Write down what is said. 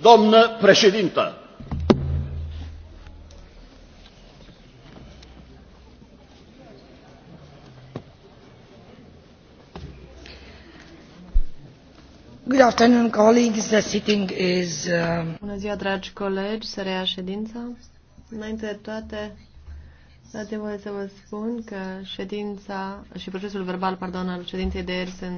Doamnă președintă! Good afternoon, colleagues. The sitting is... Uh, Bună ziua, dragi colegi, Se reia ședința. Înainte de toate, dați-mi voie să vă spun că ședința și procesul verbal, pardon, al ședinței de ieri sunt